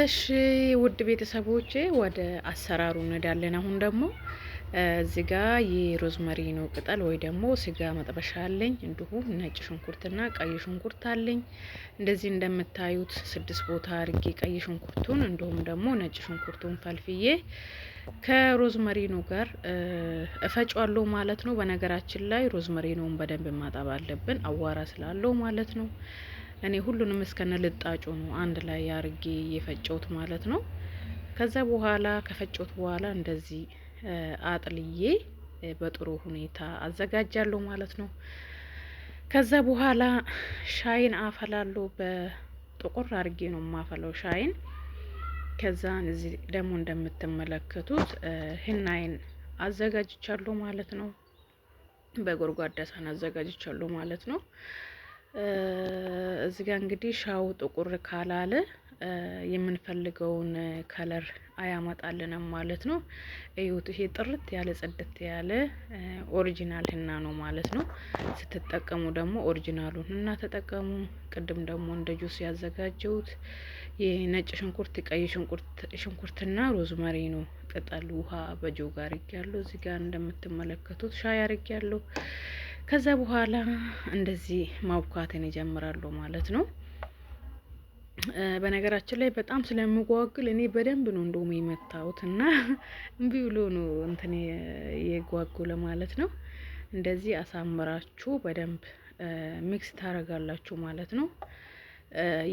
እሺ ውድ ቤተሰቦቼ ወደ አሰራሩ እንሄዳለን። አሁን ደግሞ እዚህ ጋ የሮዝመሪ ነው ቅጠል ወይ ደግሞ ስጋ መጥበሻ አለኝ። እንዲሁም ነጭ ሽንኩርትና ቀይ ሽንኩርት አለኝ። እንደዚህ እንደምታዩት ስድስት ቦታ አድርጌ ቀይ ሽንኩርቱን እንዲሁም ደግሞ ነጭ ሽንኩርቱን ፈልፍዬ ከሮዝመሪኑ ጋር እፈጫለሁ ማለት ነው። በነገራችን ላይ ሮዝመሪኑን በደንብ ማጠብ አለብን፣ አዋራ ስላለው ማለት ነው። እኔ ሁሉንም እስከነ ልጣጩ ነው አንድ ላይ አርጌ የፈጨውት ማለት ነው። ከዛ በኋላ ከፈጨውት በኋላ እንደዚህ አጥልዬ በጥሩ ሁኔታ አዘጋጃለሁ ማለት ነው። ከዛ በኋላ ሻይን አፈላለሁ። በጥቁር አርጌ ነው የማፈለው ሻይን። ከዛ እዚህ ደግሞ እንደምትመለከቱት ህናይን አዘጋጅቻለሁ ማለት ነው። በጎድጓዳ ሳህን አዘጋጅቻለሁ ማለት ነው። እዚጋ እንግዲህ ሻው ጥቁር ካላለ የምንፈልገውን ከለር አያመጣልንም ማለት ነው። እዩት፣ ይሄ ጥርት ያለ ጽድት ያለ ኦሪጂናል ህና ነው ማለት ነው። ስትጠቀሙ ደግሞ ኦሪጂናሉን ህና ተጠቀሙ። ቅድም ደግሞ እንደ ጁስ ያዘጋጀሁት የነጭ ሽንኩርት፣ ቀይ ሽንኩርትና ሮዝመሪ ነው። ቅጠል ውሃ በጆግ አርግ እዚህ ጋር እንደምትመለከቱት ሻይ አርግ ያለው ከዛ በኋላ እንደዚህ ማብኳትን ይጀምራሉ ማለት ነው። በነገራችን ላይ በጣም ስለምጓግል እኔ በደንብ ነው እንደውም የመታሁት እና እምቢ ብሎ ነው እንትን የጓጉ ለማለት ነው። እንደዚህ አሳምራችሁ በደንብ ሚክስ ታረጋላችሁ ማለት ነው።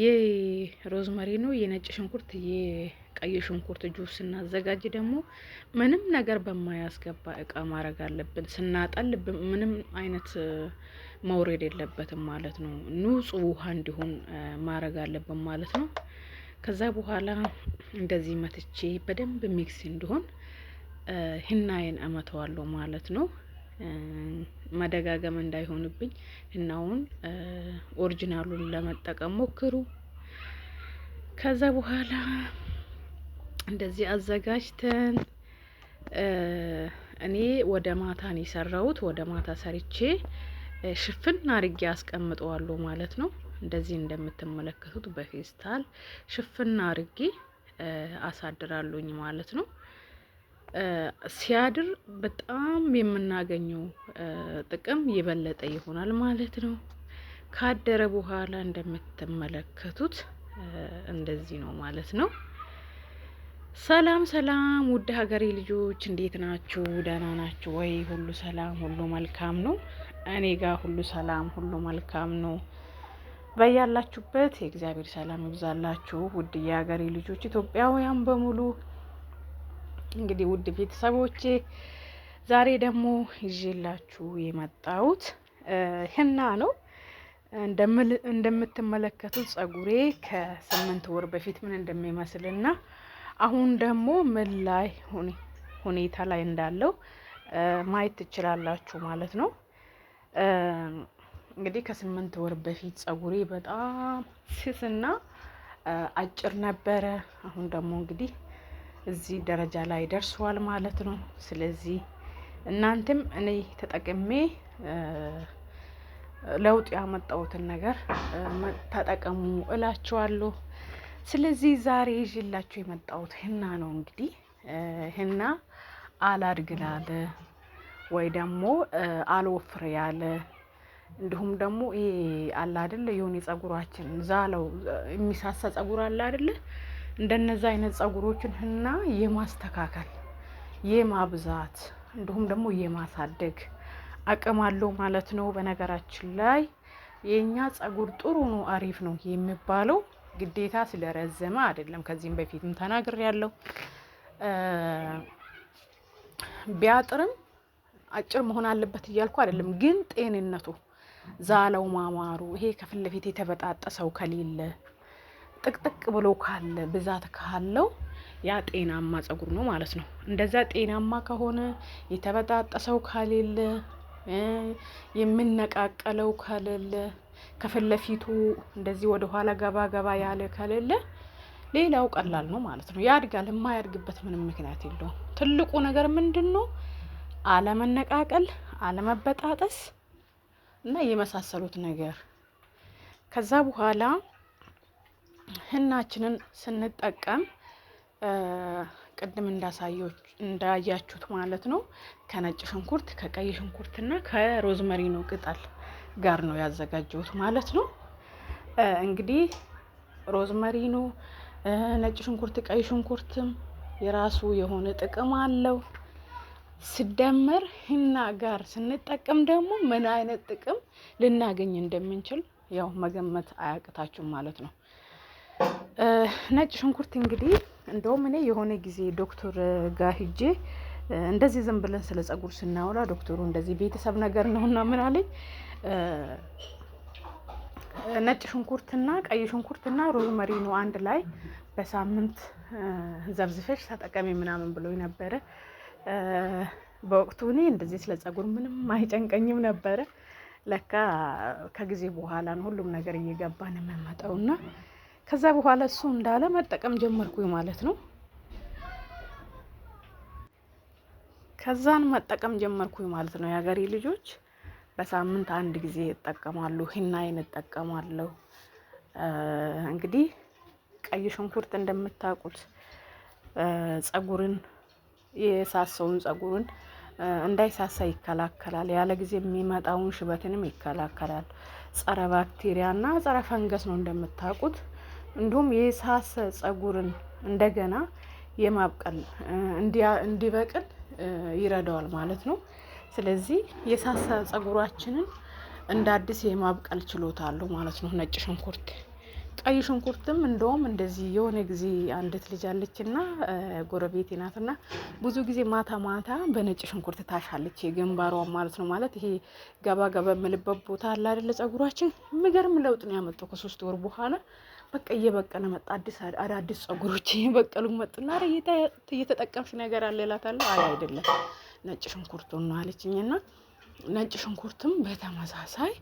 ይህ ሮዝመሪ ነው፣ የነጭ ሽንኩርት ቀይ ሽንኩርት ጁስ ስናዘጋጅ ደግሞ ምንም ነገር በማያስገባ እቃ ማድረግ አለብን። ስናጠል ምንም አይነት መውረድ የለበትም ማለት ነው። ንጹህ ውሃ እንዲሆን ማድረግ አለብን ማለት ነው። ከዛ በኋላ እንደዚህ መትቼ በደንብ ሚክስ እንዲሆን ህናዬን እመተዋለሁ ማለት ነው። መደጋገም እንዳይሆንብኝ ሂናውን ኦሪጂናሉን ለመጠቀም ሞክሩ። ከዛ በኋላ እንደዚህ አዘጋጅተን እኔ ወደ ማታ ነው የሰራሁት። ወደ ማታ ሰርቼ ሽፍን አርጌ አስቀምጠዋለሁ ማለት ነው። እንደዚህ እንደምትመለከቱት በፌስታል ሽፍን አርጌ አሳድራሉኝ ማለት ነው። ሲያድር በጣም የምናገኘው ጥቅም የበለጠ ይሆናል ማለት ነው። ካደረ በኋላ እንደምትመለከቱት እንደዚህ ነው ማለት ነው። ሰላም ሰላም ውድ ሀገሬ ልጆች እንዴት ናችሁ? ደህና ናችሁ ወይ? ሁሉ ሰላም፣ ሁሉ መልካም ነው። እኔ ጋር ሁሉ ሰላም፣ ሁሉ መልካም ነው። በያላችሁበት የእግዚአብሔር ሰላም ይብዛላችሁ። ውድ የሀገሬ ልጆች ኢትዮጵያውያን በሙሉ እንግዲህ ውድ ቤተሰቦቼ ዛሬ ደግሞ ይዤላችሁ የመጣሁት ህና ነው። እንደምትመለከቱት ጸጉሬ ከስምንት ወር በፊት ምን እንደሚመስልና አሁን ደግሞ ምን ላይ ሁኔታ ላይ እንዳለው ማየት ትችላላችሁ ማለት ነው። እንግዲህ ከስምንት ወር በፊት ጸጉሬ በጣም ስስና አጭር ነበረ። አሁን ደግሞ እንግዲህ እዚህ ደረጃ ላይ ደርሷል ማለት ነው። ስለዚህ እናንተም እኔ ተጠቅሜ ለውጥ ያመጣሁትን ነገር ተጠቀሙ እላችኋለሁ። ስለዚህ ዛሬ ይዤላችሁ የመጣሁት ህና ነው። እንግዲህ ህና አላድግ ላለ ወይ ደግሞ አልወፍር ያለ እንዲሁም ደግሞ ይሄ አለ አይደለ የሆነ ጸጉራችን ዛለው የሚሳሳ ጸጉር አለ አይደለ እንደነዛ አይነት ጸጉሮችን ህና የማስተካከል የማብዛት እንዲሁም ደግሞ የማሳደግ አቅም አለው ማለት ነው። በነገራችን ላይ የእኛ ጸጉር ጥሩ ነው፣ አሪፍ ነው የሚባለው ግዴታ ስለረዘመ አይደለም። ከዚህም በፊትም ተናግር ያለው ቢያጥርም አጭር መሆን አለበት እያልኩ አይደለም። ግን ጤንነቱ ዛለው ማማሩ ይሄ ከፊት ለፊት የተበጣጠሰው ከሌለ ጥቅጥቅ ብሎ ካለ ብዛት ካለው ያ ጤናማ ጸጉር ነው ማለት ነው። እንደዛ ጤናማ ከሆነ የተበጣጠሰው ከሌለ የምነቃቀለው ከሌለ ከፊት ለፊቱ እንደዚህ ወደ ኋላ ገባ ገባ ያለ ከሌለ ሌላው ቀላል ነው ማለት ነው። ያድጋል። የማያድግበት ምንም ምክንያት የለውም። ትልቁ ነገር ምንድን ነው? አለመነቃቀል፣ አለመበጣጠስ እና የመሳሰሉት ነገር ከዛ በኋላ ህናችንን ስንጠቀም ቅድም እንዳያችሁት ማለት ነው ከነጭ ሽንኩርት ከቀይ ሽንኩርትና ከሮዝመሪ ነው ቅጠል ጋር ነው ያዘጋጀሁት ማለት ነው። እንግዲህ ሮዝመሪ ነው፣ ነጭ ሽንኩርት፣ ቀይ ሽንኩርትም የራሱ የሆነ ጥቅም አለው። ሲደመር ሂና ጋር ስንጠቀም ደግሞ ምን አይነት ጥቅም ልናገኝ እንደምንችል ያው መገመት አያቅታችሁም ማለት ነው። ነጭ ሽንኩርት እንግዲህ እንደውም እኔ የሆነ ጊዜ ዶክተር ጋር ሂጄ እንደዚህ ዝም ብለን ስለ ጸጉር ስናወራ ዶክተሩ እንደዚህ ቤተሰብ ነገር ነውና ምን አለኝ፣ ነጭ ሽንኩርትና ቀይ ሽንኩርትና ሮዝመሪ ነው አንድ ላይ በሳምንት ዘብዝፈሽ ተጠቀሚ ምናምን ብሎ ነበረ። በወቅቱ እኔ እንደዚህ ስለ ጸጉር ምንም አይጨንቀኝም ነበረ። ለካ ከጊዜ በኋላ ነው ሁሉም ነገር እየገባን የምንመጣውና ከዛ በኋላ እሱ እንዳለ መጠቀም ጀመርኩኝ ማለት ነው። ከዛን መጠቀም ጀመርኩኝ ማለት ነው። የሀገሬ ልጆች በሳምንት አንድ ጊዜ ይጠቀማሉ። ሂናይን እጠቀማለሁ። እንግዲህ ቀይ ሽንኩርት እንደምታውቁት ጸጉርን የሳሰውን ጸጉርን እንዳይሳሳ ይከላከላል። ያለ ጊዜ የሚመጣውን ሽበትንም ይከላከላል። ጸረ ባክቴሪያና ጸረ ፈንገስ ነው እንደምታውቁት። እንዲሁም የሳሰ ጸጉርን እንደገና የማብቀል እንዲበቅል ይረዳዋል ማለት ነው። ስለዚህ የሳሳ ፀጉራችንን እንደ አዲስ የማብቀል ችሎታ አለው ማለት ነው። ነጭ ሽንኩርት ቀይ ሽንኩርትም እንደውም እንደዚህ የሆነ ጊዜ አንዲት ልጅ አለችና ጎረቤቴ ናትና ብዙ ጊዜ ማታ ማታ በነጭ ሽንኩርት ታሻለች የግንባሯን ማለት ነው። ማለት ይሄ ገባ ገባ የምልበት ቦታ አለ አይደለ? ፀጉራችን የሚገርም ለውጥ ነው ያመጣው ከሶስት ወር በኋላ በቃ እየበቀለ መጣ። አዲስ አዳዲስ ጸጉሮች እየበቀሉ መጡና ኧረ እየተጠቀምሽ ነገር አለ እላታለሁ። አይ አይደለም ነጭ ሽንኩርቱ ነው አለችኝና ነጭ ሽንኩርትም በተመሳሳይ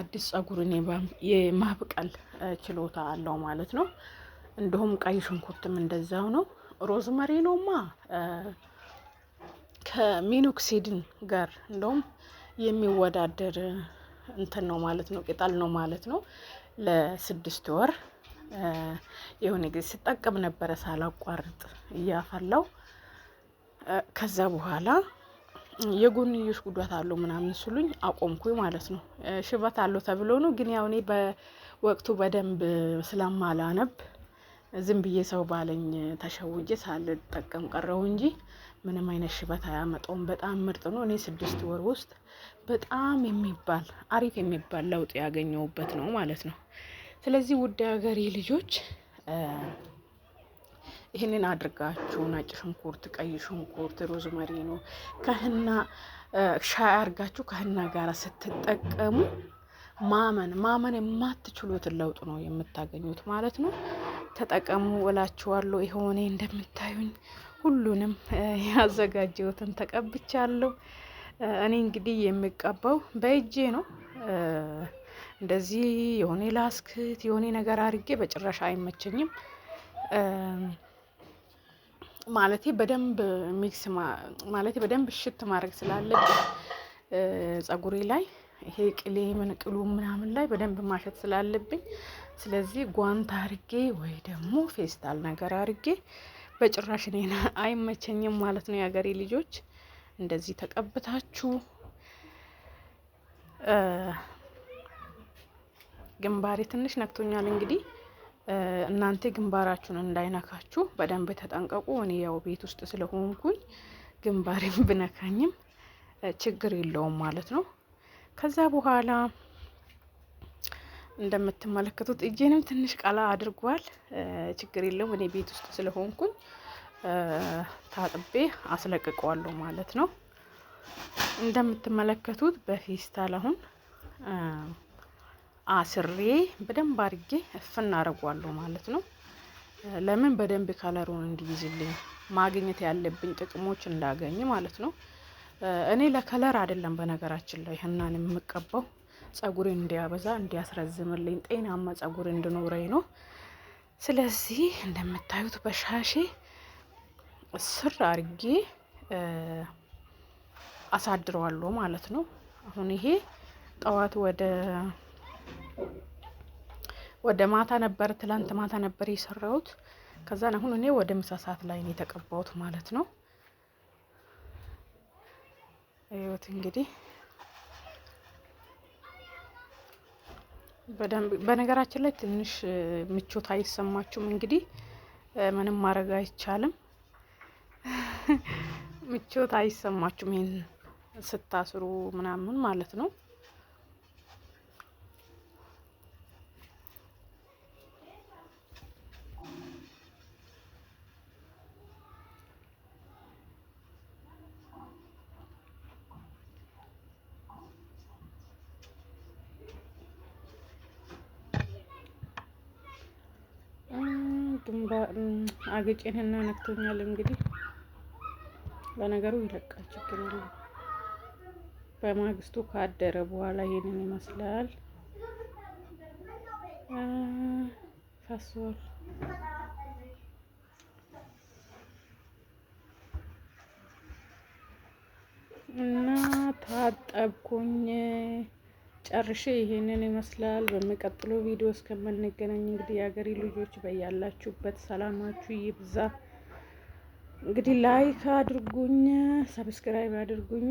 አዲስ ጸጉር እኔ የማብቀል ችሎታ አለው ማለት ነው። እንደውም ቀይ ሽንኩርትም እንደዛው ነው። ሮዝመሪ ነውማ ከሚኖክሲድን ጋር እንደውም የሚወዳደር እንትን ነው ማለት ነው፣ ቅጠል ነው ማለት ነው። ለስድስት ወር የሆነ ጊዜ ስጠቀም ነበረ ሳላቋርጥ እያፈላው። ከዛ በኋላ የጎንዮሽ ጉዳት አለው ምናምን ስሉኝ አቆምኩኝ ማለት ነው። ሽበት አለው ተብሎ ነው ግን ያው እኔ በወቅቱ በደንብ ስለማላነብ ዝም ብዬ ሰው ባለኝ ተሸውጄ ሳልጠቀም ቀረው እንጂ ምንም አይነት ሽበት አያመጣውም። በጣም ምርጥ ነው። እኔ ስድስት ወር ውስጥ በጣም የሚባል አሪፍ የሚባል ለውጥ ያገኘውበት ነው ማለት ነው። ስለዚህ ውድ ሀገሬ ልጆች ይህንን አድርጋችሁ ነጭ ሽንኩርት፣ ቀይ ሽንኩርት፣ ሮዝመሪ ነው ከህና ሻይ አድርጋችሁ ከህና ጋር ስትጠቀሙ ማመን ማመን የማትችሉትን ለውጥ ነው የምታገኙት ማለት ነው። ተጠቀሙ እላችኋለሁ። የሆነ እንደምታዩኝ ሁሉንም ያዘጋጀሁትን ተቀብቻለሁ። እኔ እንግዲህ የሚቀባው በእጄ ነው። እንደዚህ የሆነ ላስክት የሆነ ነገር አድርጌ በጭራሽ አይመቸኝም። ማለቴ በደንብ ሚክስ ማለቴ በደንብ እሽት ማድረግ ስላለብኝ ጸጉሬ ላይ ይሄ ቅሌ ምን ቅሉ ምናምን ላይ በደንብ ማሸት ስላለብኝ ስለዚህ ጓንት አርጌ ወይ ደግሞ ፌስታል ነገር አርጌ በጭራሽ እኔን አይመቸኝም ማለት ነው። የሀገሬ ልጆች እንደዚህ ተቀብታችሁ ግንባሬ ትንሽ ነክቶኛል። እንግዲህ እናንተ ግንባራችሁን እንዳይነካችሁ በደንብ ተጠንቀቁ። እኔ ያው ቤት ውስጥ ስለሆንኩኝ ግንባሬም ብነካኝም ችግር የለውም ማለት ነው። ከዛ በኋላ እንደምትመለከቱት እጄንም ትንሽ ቀላ አድርጓል። ችግር የለውም እኔ ቤት ውስጥ ስለሆንኩኝ ታጥቤ አስለቅቀዋለሁ ማለት ነው። እንደምትመለከቱት በፌስታል አሁን አስሬ በደንብ አድርጌ እፍና አረጓለሁ ማለት ነው። ለምን በደንብ ከለሩን እንዲይዝልኝ ማግኘት ያለብኝ ጥቅሞች እንዳገኝ ማለት ነው። እኔ ለከለር አይደለም በነገራችን ላይ ህናን የምቀባው ጸጉር እንዲያበዛ እንዲያስረዝምልኝ ጤናማ ጸጉር እንድኖረኝ ነው። ስለዚህ እንደምታዩት በሻሼ ስር አርጌ አሳድረዋለሁ ማለት ነው። አሁን ይሄ ጠዋት ወደ ወደ ማታ ነበር ትላንት ማታ ነበር የሰራሁት። ከዛን አሁን እኔ ወደ ምሳ ሰዓት ላይ ነው የተቀባሁት ማለት ነው። ይኸውት እንግዲህ በደንብ በነገራችን ላይ ትንሽ ምቾት አይሰማችሁም? እንግዲህ ምንም ማድረግ አይቻልም። ምቾት አይሰማችሁም ይሄን ስታስሩ ምናምን ማለት ነው። ጡንባ አገጬንና ነክቶኛል። እንግዲህ በነገሩ ይለቃል፣ ችግር የለም። በማግስቱ ካደረ በኋላ ይሄንን ይመስላል። ፈሷል። እና ታጠብኩኝ። ጨርሼ ይሄንን ይመስላል። በሚቀጥለው ቪዲዮ እስከምንገናኝ እንግዲህ የሀገሬ ልጆች በያላችሁበት ሰላማችሁ ይብዛ። እንግዲህ ላይክ አድርጉኝ፣ ሰብስክራይብ አድርጉኝ፣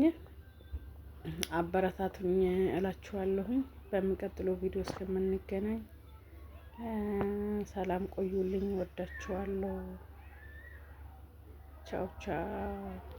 አበረታቱኝ እላችኋለሁኝ። በሚቀጥለው ቪዲዮ እስከምንገናኝ ሰላም ቆዩልኝ። ወዳችኋለሁ። ቻው ቻው።